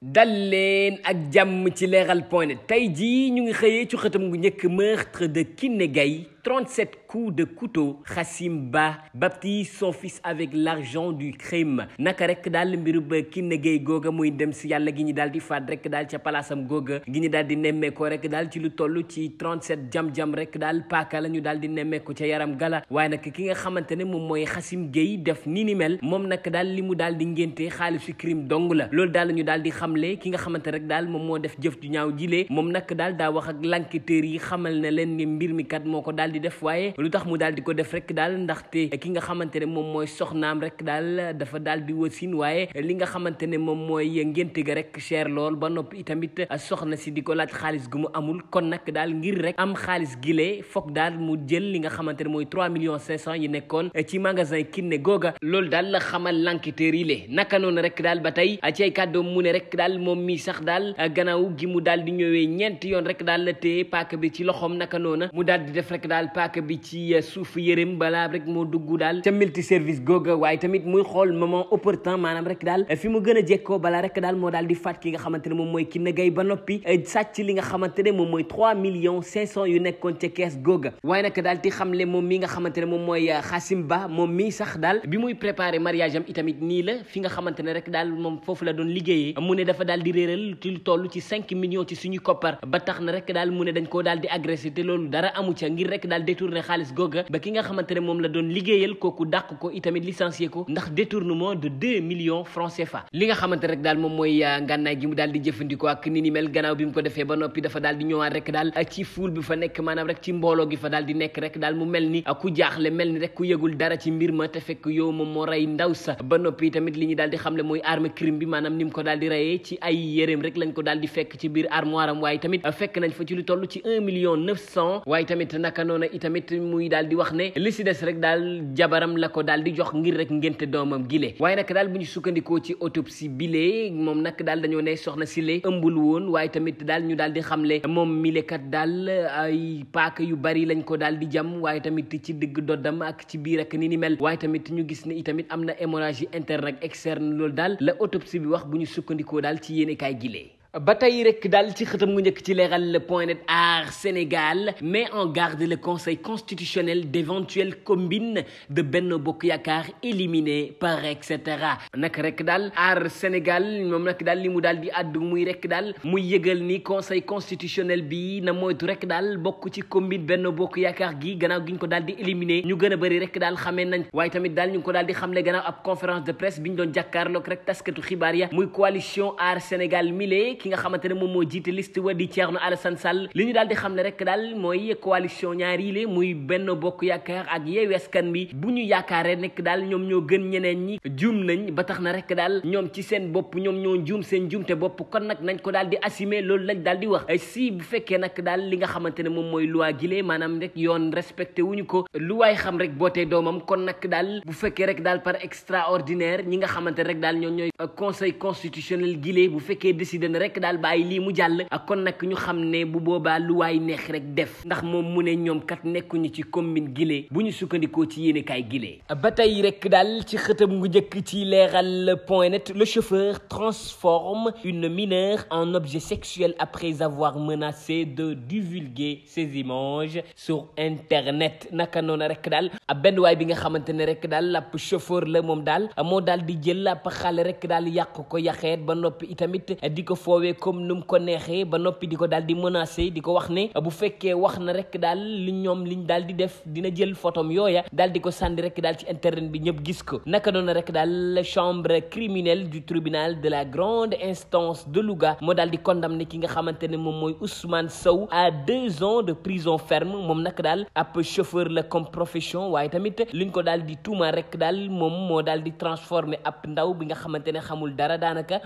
dal ak jàmm ci leeral point net tey jii ñu ngi xëyee ci xëtam gu njëkk meurtre de Kiné Gaye coup de couteau Khassim Ba baptise son fils avec l'argent du ma naka rek daal mbiru ba Kiné Gueye googa muy dem si yàlla gi ñu daal di faat rek daal ca palaasam googa gi ñu daal di nemmeekoo rek daal ci lu toll ci 37 jam-jam rek daal paaka la ñu daal di nemmeeku ca yaram gala waaye nag ki nga xamante ne moom mooy Khassim Gueye def ni ni mel moom nag daal li mu daal di ngénte xaalis si crime dong la loolu daal la ñu daal di xamle ki nga xamante rek daal moom moo def jëf ju ñaaw jilee moom nag daal daa yi xamal mbir mi kat moo ko daal di def lu tax mu daal di ko def rek daal ndaxte ki nga xamante ne moom mooy soxnaam rek daal dafa daal di wasin waaye li nga xamante ne moom mooy ngénte ga rek cher lool ba noppi itamit soxna si di ko laaj xaalis gu mu amul kon nag daal ngir rek am xaalis gilee foog daal mu jël li nga xamante ne mooy 3 millions 500 yi nekkoon ci magasin Kiné googa loolu daal la xamal l'enquêteur yi le naka noonu rek daal ba tey a ay kàddoom mu ne rek daal moom mi sax daal gannaaw gi mu dal di ñëwee ñeenti yoon rek daal la paaka bi ci loxoom naka noona mu daal di def rek daal paaka bi ci ci suuf yërëm balaa rek moo dugg daal ca multi service googa waaye tamit muy xool moment opportun maanaam rek daal fi mu gën a jekkoo balaa rek daal moo daal moom mooy eh, nga xamante moom mooy Xasim eh, Ba moom mii sax daal bi muy préparé mariage am itamit nii la fi nga xamante rek daal moom foofu la doon liggéeyee mu ne dafa daal di réeral lu toll ci cinq millions ci suñu koppar ba tax na rek daal mu ne dañ koo daal di agressé te loolu dara amu ca ngir rek xaalis googa ba ki nga xamante ne moom la doon liggéeyal kooku dàq ko itamit licencié ko ndax détournement de deux millions francs CFA li nga xamante rek daal moom mooy euh, ngànnaay gi mu daal di jëfandikoo ak ni ni mel gannaaw bi ko ba noppi dafa euh, daal di nekk rek daal mu mel ni euh, ku jaaxle mel ni rek ku yëgul dara ci mbir ma te fekk yow moom moo rey ndaw sa ba noppi tamit li ñu daal di xamle mooy arme crime bi maanaam ni mu ko daal di reyee ci ay yéreem rek lañ ko daal di fekk muy daal di wax ne li si des rek daal jabaram la ko daal di jox ngir rek ngénte doomam gile waaye nag daal bu ñu sukkandikoo ci autopsie bile moom nag daal dañoo ne soxna si le ëmbul woon waaye tamit daal ñu daal di xamle moom milekat daal ay paaka yu bari lañ ko daal di jam waaye tamit ci digg doddam ak ci biir ak ni ni mel waaye tamit ñu gis ni itamit am na hémorragie interne ak externe loolu daal la autopsie bi wax bu ñu sukkandikoo daal ci yéenekaay gile ba tey rek daal ci xëtam mu njëkk ci leeral point net aar Sénégal met en garde le conseil constitutionnel d'éventuelles combines de Benno Bokk Yaakaar éliminées par et cetera nag rek daal aar Sénégal moom nag daal li mu daal di àddu muy rek daal muy yëgal ni conseil constitutionnel bi na moytu rek daal bokk ci combine Benno Bokk Yaakaar gi gannaaw gi ñu ko daal di éliminer ñu gën a bëri rek daal xamee nañ waaye tamit daal ñu ngi ko daal di xamle gannaaw ab conférence de presse bi ñu doon jàkkaarloog rek taskatu xibaar ya muy ci nga xamante ne moom moo jiite liste wa di Thierno Alassane Sall li ñu daal di xam ne rek daal mooy coalition ñaar yi le muy benn bokk yaakaar ak Yewwi kan bi bu ñu yaakaaree nekk daal ñoom ñoo gën ñeneen ñi juum nañ ba tax na rek daal ñoom ci seen bopp ñoom ñoo juum seen juum bopp kon nag nañ ko daal di assumer loolu lañ daal di wax si bu fekkee nag daal li nga xamante ne moom mooy loi maanaam rek yoon respecté wuñu ko lu waay xam rek bootee doomam kon nag daal bu fekkee rek daal par extraordinaire ñi nga xamante rek daal ñoo ñooy conseil constitutionnel gile bu fekkee décidé na rek fekk daal bàyyi lii mu jàll ak ah, kon nag ñu xam ne bu boobaa lu waay neex rek def ndax moom mu ne ñoom kat nekkuñu ci commune gile bu ñu sukkandikoo ci yéenekaay gile ah, ba tey rek daal ci xëtam ngu njëkk ci leeral point net le chauffeur transforme une mineure en objet sexuel après avoir menacé de divulguer ses images sur internet naka noonu rek daal ab ah, benn waay bi nga xamante ne rek daal ab chauffeur la moom daal moo daal di jël ab xale rek daal yàq ko woowee comme nu mu ko neexee ba noppi di ko daal di menacé di ko wax ne bu fekkee wax na rek daal li ñoom liñ daal di def dina jël photom yooya daal di ko sànni rek daal ci internet bi ñëpp gis ko naka noonu rek daal chambre criminelle du tribunal de la grande instance de Louga moo daal di condamné ki nga xamante ne moom mooy Ousmane Sow à deux ans de prison ferme moom nag daal ab chauffeur la comme profession waaye tamit liñ ko daal di tuuma rek dal moom moo daal di transformé ab ndaw bi nga xamante ne xamul dara daanaka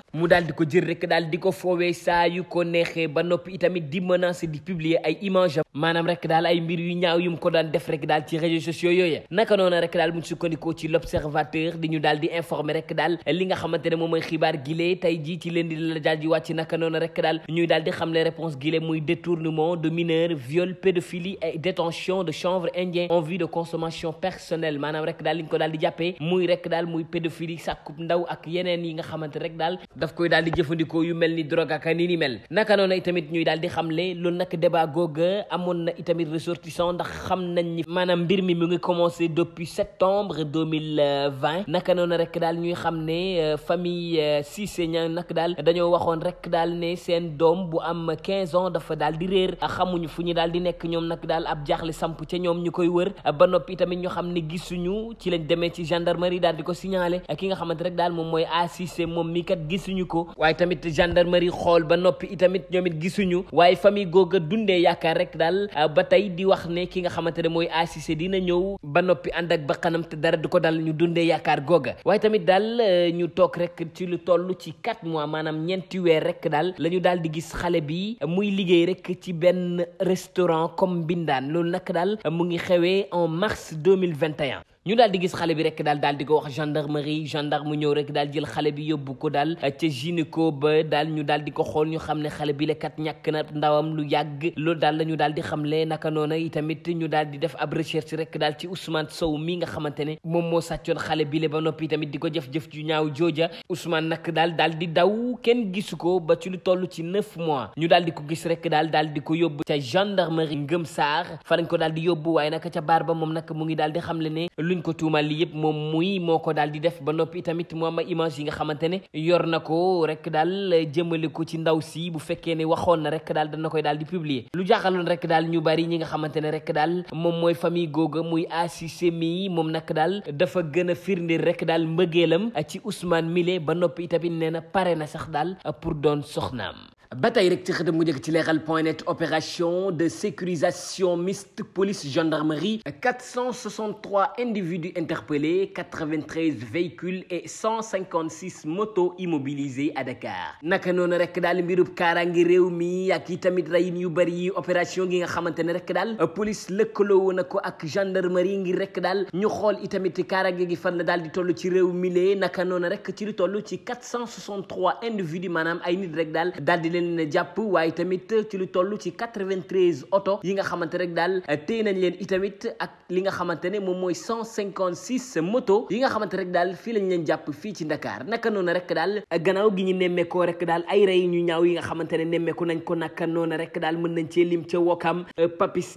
foowee saa yu ko neexee ba noppi itamit di menacer di publier ay image maanaam rek daal ay mbir yu ñaaw yum ko daan def rek daal ci réseaux sociaux yooya naka noonu rek daal di ñu daal di informer rek daal ñuy daal di xam réponse gilee muy détournement de mineur viol pédophilie détention de chanvre indien en de consommation personnelle maanaam rek daal li ñu ko daal di jàppee muy rek daal muy pédophilie sàkkub ndaw ak yeneen yi nga xamante rek daal daf koy daal di jëfandikoo drogue ak ni ni mel naka noonu itamit ñuy daal di xamle loolu nag débat googa amoon na itamit ressortissant ndax xam nañ ni maanaam mbir mi mu ngi commencé depuis septembre naka noonu rek daal ñuy xam ne euh, famille euh, Cissé ña nag daal dañoo waxoon rek daal ne seen doom bu am 15 ans dafa daal di réer xamuñu fu ñu daal di nekk ñoom nag daal ab jaaxle samp ca ñoom ñu koy wër ba noppi itamit ñu xam ne gisuñu ci lañ demee ci gendarmerie daal di ko signalé ki nga xamante rek daal moom mooy A Cissé moom mi kat gisuñu ko waaye tamit gendarmerie gendarmerie xool ba noppi itamit ñoom it gisuñu waaye famille googa dundee yaakaar rek daal ah, ba tey di wax ne ki nga xamante ne mooy Assise dina ñëw ba noppi ànd ak ba bakkanam te dara du ko dal ñu dundee yaakaar googa waaye tamit daal eh, ñu toog rek ci lu toll ci quatre mois maanaam ñeenti weer rek daal la ñu daal di gis xale bi muy liggéey rek ci benn restaurant comme Mbindaan loolu nag daal mu ngi xewee en mars 2021 ñu daal di gis xale bi rek daal daal di ko wax gendarmerie gendarme mu ñëw rek daal jël xale bi yóbbu ko daal ca gynéco daal ñu daal di ko xool ñu xam ne xale bi la kat ñàkk na ndawam lu yàgg loolu daal la ñu daal di xamle naka noona itamit ñu daal di def ab rek daal ci Ousmane Sow mi nga xamante ne moom moo sàccoon xale bi la ba noppi tamit di ko jëf-jëf ju ñaaw jooja Ousmane nag daal daal di daw kenn gisu ko ba ci lu toll ci neuf mois ñu daal di ko gis rek daal daal di ko yóbbu ca gendarmerie Ngëm Saar fa lañ ko daal di yóbbu waaye nag ca baar ba moom nag mu ngi daal di xamle ne lu luñ ko tuumal li yëpp moom muy moo ko daal di def ba noppi tamit mu am image yi nga xamante ne yor na ko rek daal jëmale ko ci ndaw si bu fekkee ne waxoon na rek daal dana koy daal di publier lu jaaxaloon rek daal ñu bari ñi nga xamante ne rek daal moom mooy famille googa muy Asise mi moom nag daal dafa gën a firndir rek daal mbëggeelam ci Ousmane Mile ba noppi tamit nee na pare na sax daal pour doon soxnaam ba tey rek ci xëtam mu njëkk ci leeral point net opération de sécurisation mixte police gendarmerie 463 individus interpellés 93 véhicules et 156 motos immobilisées à Dakar naka noonu rek daal mbirub ngi réew mi ak i tamit rayin yu bëri yi opération gi nga xamante ne rek daal police lëkkaloo woon na ko ak gendarmerie ngi rek daal ñu xool i tamit kaaraange gi fan la daal di toll ci réew mi lee naka noonu rek ci li toll ci 463 individus maanaam ay nit rek daal dal di leen ne jàpp waaye tamit ci lu toll ci 93 oto yi nga xamante rek daal eh, téye nañ leen itamit ak li nga xamante ne moom mooy 156 moto yi nga xamante rek eh, yi nga xamante ne nemmeeku nañ ko naka noonu rek daal mën nañ cee lim ca Wokam eh, Papis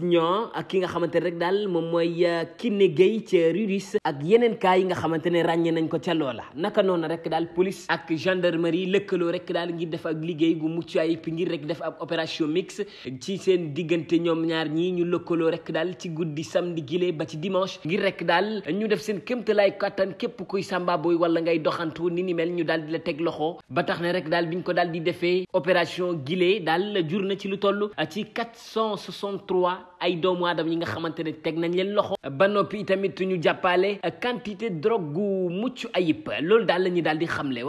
ak ki nga xamante ne rek daal moom mooy Kiné Gueye ca Rudis ak yeneen cas yi nga xamante ne ràññee nañ ko ca loola naka noonu rek daal police ak gendarmerie lëkkaloo rek daal ngir def liggéey gu mucc muccaayib ngir rek def ab opération mix ci seen diggante ñoom ñaar ñii ñu lëkkaloo rek daal ci guddi samedi gile ba ci dimanche ngir rek daal ñu def seen kémtalaay kattan képp kuy samba boy wala ngay doxantu ni ni mel ñu daal di la teg loxo ba tax ne rek daal biñ ko daal di defee opération gile daal jur na ci lu toll ci 463 ay doomu aadama yi nga xamante ne teg nañ leen loxo ba noppi tamit ñu jàppale quantité drogue gu mucc ayib loolu daal la ñuy daal di xamle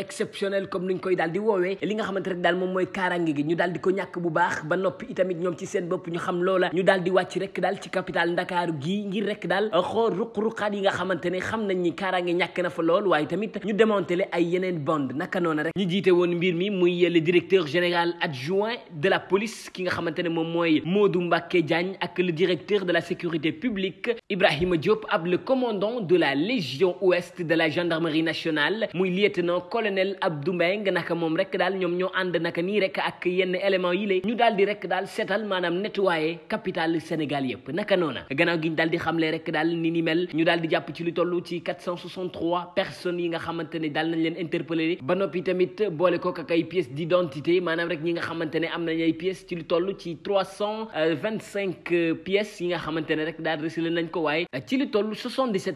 exceptionnel comme nuñ koy daal di woowee li nga xamante rek daal moom mooy kaaraange gi ñu daal di ko ñàkk bu baax ba noppi itamit ñoom ci seen bopp ñu xam loola ñu daal di wàcc rek daal ci capital ndakaaru gii ngir rek daal xool ruq-ruqaat yi nga xamante ne xam nañ ni kaaraange ñàkk na fa lool waaye tamit ñu démantelé ay yeneen bande naka noonu rek ñu jiite woon mbir mi muy le directeur général adjoint de la police ki nga xamante ne moom mooy Modou Mbacké Diagne ak directeur de la sécurité publique Ibrahima Diop ab le commandant la légion ouest de la gendarmerie nationale muy colonel Abdou Mbengue naka moom rek daal ñoom ñoo ànd naka nii rek ak yenn éléments yi ñu daal rek daal seetal maanaam nettoyé capital Sénégal yëpp naka noona gannaaw gi ñu daal xamle rek daal ni ni ñu daal jàpp ci lu toll ci pièces yi nga xamante rek daal recelé nañ ko waaye ci lu toll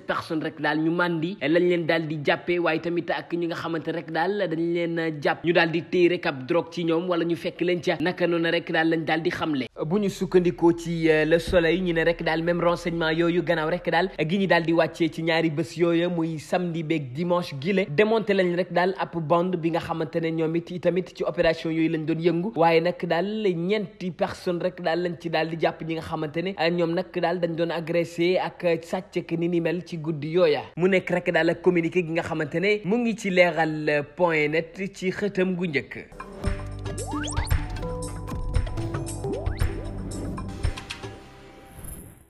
personnes rek daal ñu màndi lañ leen daal di waaye tamit ak ñi nga xamante rek rek daal dañu leen jàpp ñu daal di téye rek ab drogue ci ñoom wala ñu fekk leen ca naka noonu rek daal lañ daal di xamle bu ñu sukkandikoo ci euh, le soleil ñu ne rek daal même renseignement yooyu gannaaw rek daal gi ñu daal di wàccee ci ñaari bés yooyu muy samedi beeg dimanche gile démonté lañ rek daal ab bande bi nga xamante ne ñoom it tamit ci opération yooyu lañ doon yëngu waaye nag daal ñeenti personne rek daal lañ ci daal di jàpp ñi nga xamante ne euh, ñoom nag daal dañ doon agressé ak sàcc ni ni mel ci guddi yooya mu nekk rek daal ak communiqué gi nga xamante ne mu ngi ci leeral point net ci xëtam gu njëkk